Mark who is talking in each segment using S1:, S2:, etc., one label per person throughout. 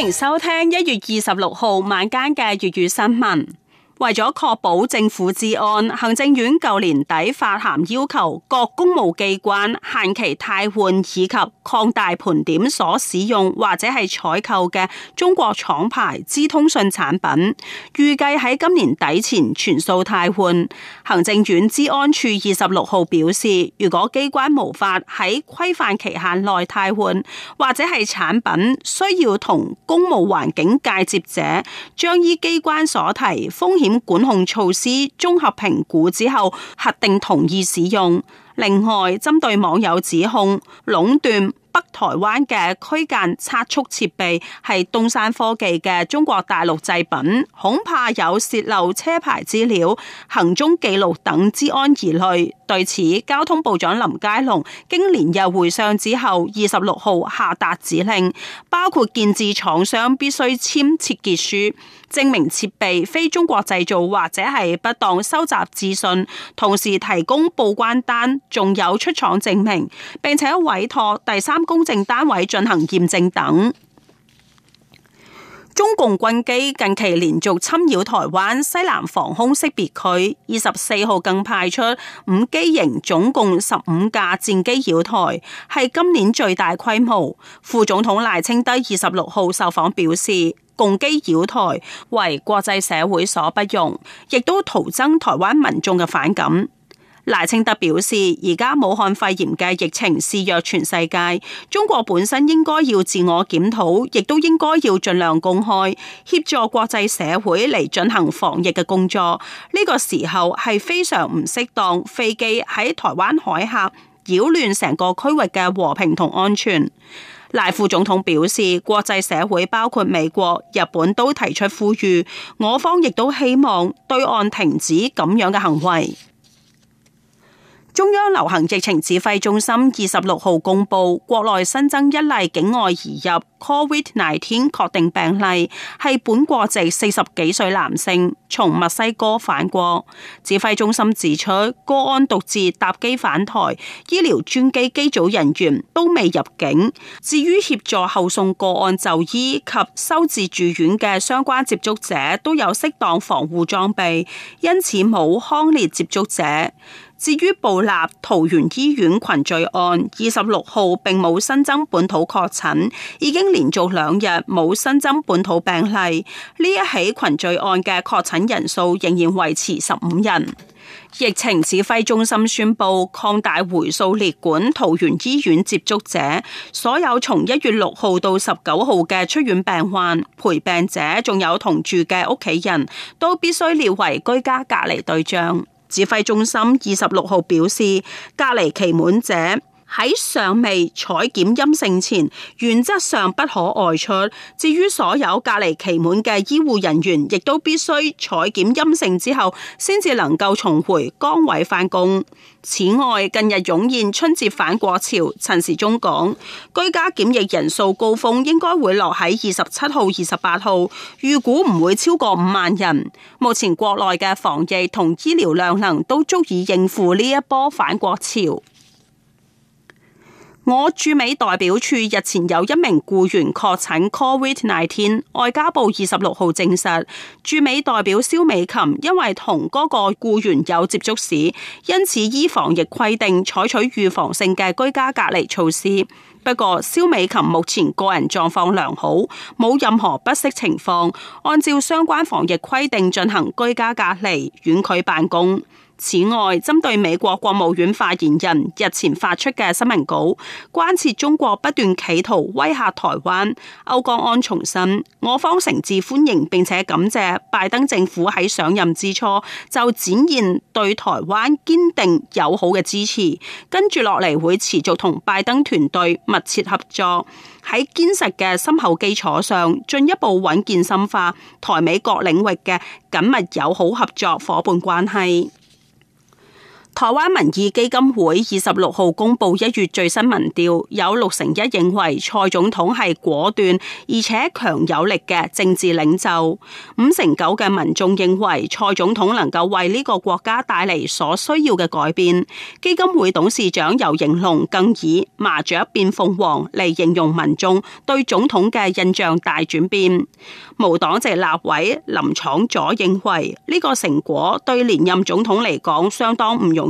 S1: 歡迎收聽一月二十六號晚間嘅粵語新聞。為咗確保政府資安，行政院舊年底發函要求各公務機關限期替換以及擴大盤點所使用或者係採購嘅中國廠牌資通訊產品，預計喺今年底前全數替換。行政院資安處二十六號表示，如果機關無法喺規範期限內替換或者係產品需要同公務環境界接者，將依機關所提風險。管控措施綜合評估之後核定同意使用。另外，針對網友指控壟斷北台灣嘅區間測速設備係東山科技嘅中國大陸製品，恐怕有洩漏車牌資料、行蹤記錄等資安疑慮。對此，交通部長林佳龍經連日會上之後，二十六號下達指令，包括建置廠商必須簽切結書。證明設備非中國製造或者係不當收集資訊，同時提供報關單，仲有出廠證明，並且委託第三公正單位進行驗證等。中共軍機近期連續侵擾台灣西南防空識別區，二十四號更派出五機型，總共十五架戰機擾台，係今年最大規模。副總統賴清德二十六號受訪表示，共機擾台為國際社會所不容，亦都徒增台灣民眾嘅反感。賴清德表示，而家武漢肺炎嘅疫情肆虐全世界，中國本身應該要自我檢討，亦都應該要盡量公開協助國際社會嚟進行防疫嘅工作。呢個時候係非常唔適當，飛機喺台灣海峽擾亂成個區域嘅和平同安全。賴副總統表示，國際社會包括美國、日本都提出呼籲，我方亦都希望對岸停止咁樣嘅行為。中央流行疫情指揮中心二十六號公布，國內新增一例境外移入。Covid 19確定病例係本國籍四十幾歲男性，從墨西哥返國。指揮中心指出，個案獨自搭機返台，醫療專機機組人員都未入境。至於協助後送個案就醫及收治住院嘅相關接觸者都有適當防護裝備，因此冇匡列接觸者。至於部立桃園醫院群聚案，二十六號並冇新增本土確診，已經。連續兩日冇新增本土病例，呢一起群聚案嘅確診人數仍然維持十五人。疫情指揮中心宣布擴大回溯列管桃園醫院接觸者，所有從一月六號到十九號嘅出院病患、陪病者，仲有同住嘅屋企人，都必須列為居家隔離對象。指揮中心二十六號表示，隔離期滿者，喺尚未採檢陰性前，原則上不可外出。至於所有隔離期滿嘅醫護人員，亦都必須採檢陰性之後，先至能夠重回崗位返工。此外，近日湧現春節返國潮，陳時中講，居家檢疫人數高峰應該會落喺二十七號、二十八號，預估唔會超過五萬人。目前國內嘅防疫同醫療量能都足以應付呢一波返國潮。我駐美代表處日前有一名僱員確診 COVID-19。外交部二十六號證實，駐美代表蕭美琴因為同嗰個僱員有接觸史，因此依防疫規定採取預防性嘅居家隔離措施。不過，蕭美琴目前個人狀況良好，冇任何不適情況，按照相關防疫規定進行居家隔離，遠距辦公。此外，針對美國國務院發言人日前發出嘅新聞稿，關切中國不斷企圖威嚇台灣，歐江安重申，我方誠摯歡迎並且感謝拜登政府喺上任之初就展現對台灣堅定友好嘅支持，跟住落嚟會持續同拜登團隊密切合作，喺堅實嘅深厚基礎上進一步穩健深化台美各領域嘅緊密友好合作伙伴關係。台灣民意基金會二十六號公布一月最新民調，有六成一認為蔡總統係果斷而且強有力嘅政治領袖，五成九嘅民眾認為蔡總統能夠為呢個國家帶嚟所需要嘅改變。基金會董事長游盈龍更以麻雀變鳳凰嚟形容民眾對總統嘅印象大轉變。無黨籍立委林昶佐認為呢個成果對連任總統嚟講相當唔容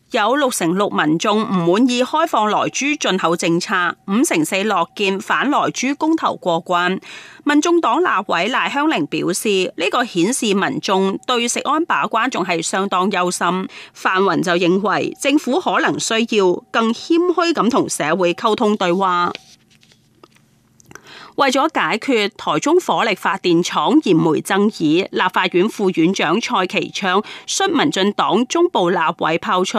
S1: 有六成六民眾唔滿意開放萊豬進口政策，五成四樂見反萊豬公投過關。民眾黨立委賴香玲表示，呢、這個顯示民眾對食安把關仲係相當憂心。范雲就認為政府可能需要更謙虛咁同社會溝通對話。為咗解決台中火力發電廠燃煤爭議，立法院副院長蔡其昌率民進黨中部立委拋出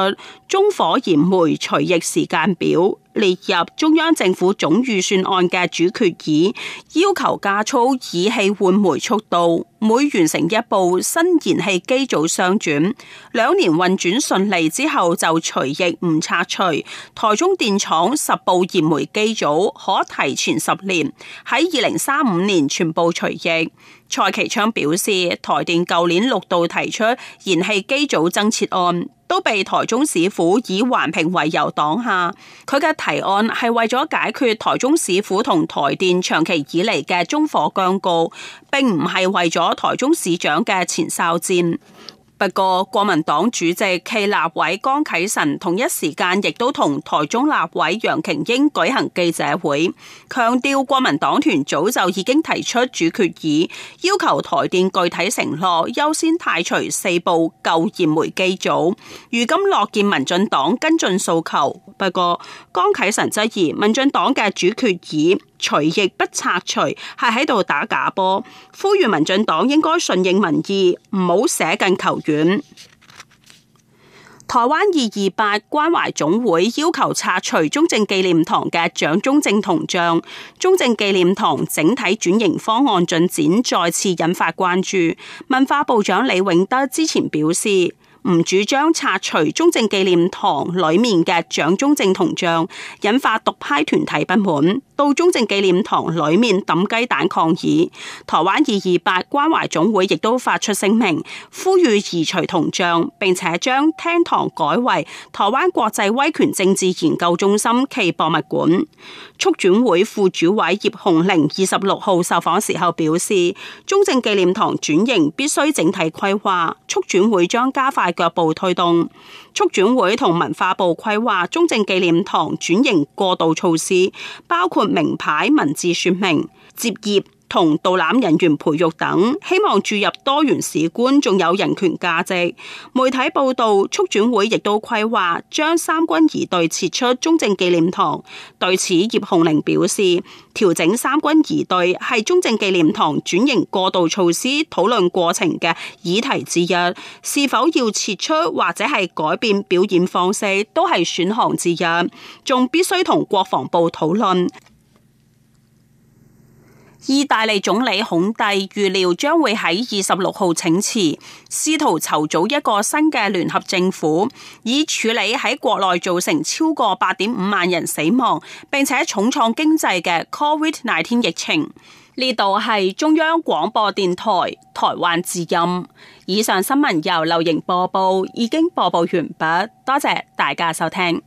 S1: 中火燃煤除役時間表。列入中央政府總預算案嘅主決議，要求加速以氣換煤速度，每完成一部新燃氣機組商轉，兩年運轉順利之後就除役唔拆除。台中電廠十部燃煤機組可提前十年，喺二零三五年全部除役。蔡其昌表示，台電舊年六度提出燃氣機組增設案，都被台中市府以環評為由擋下。佢嘅提案係為咗解決台中市府同台電長期以嚟嘅中火僵告，並唔係為咗台中市長嘅前哨戰。不過，國民黨主席暨立委江啟臣同一時間亦都同台中立委楊瓊英舉行記者會，強調國民黨團早就已經提出主決議，要求台電具體承諾優先汰除四部舊燃煤機組。如今樂見民進黨跟進訴求，不過江啟臣質疑民進黨嘅主決議。除役不拆除係喺度打假波，呼籲民進黨應該順應民意，唔好捨近求遠。台灣二二八關懷總會要求拆除中正紀念堂嘅蔣中正銅像，中正紀念堂整體轉型方案進展再次引發關注。文化部長李永德之前表示，唔主張拆除中正紀念堂裏面嘅蔣中正銅像，引發獨派團體不滿。到中正紀念堂裏面抌雞蛋抗議，台灣二二八關懷總會亦都發出聲明，呼籲移除銅像，並且將廳堂改為台灣國際威權政治研究中心暨博物館。促轉會副主委葉紅玲二十六號受訪時候表示，中正紀念堂轉型必須整體規劃，促轉會將加快腳步推動。促轉會同文化部規劃中正紀念堂轉型過渡措施，包括。名牌文字說明、接業同導覽人員培育等，希望注入多元史觀，仲有人權價值。媒體報道，促轉會亦都規劃將三軍儀隊撤出中正紀念堂。對此，葉紅玲表示，調整三軍儀隊係中正紀念堂轉型過渡措施討論過程嘅議題之一，是否要撤出或者係改變表演方式，都係選項之一，仲必須同國防部討論。意大利總理孔蒂預料將會喺二十六號請辭，試圖籌組一個新嘅聯合政府，以處理喺國內造成超過八點五萬人死亡，並且重創經濟嘅 COVID-19 疫情。呢度係中央廣播電台台灣之音。以上新聞由流瑩播報，已經播報完畢，多謝大家收聽。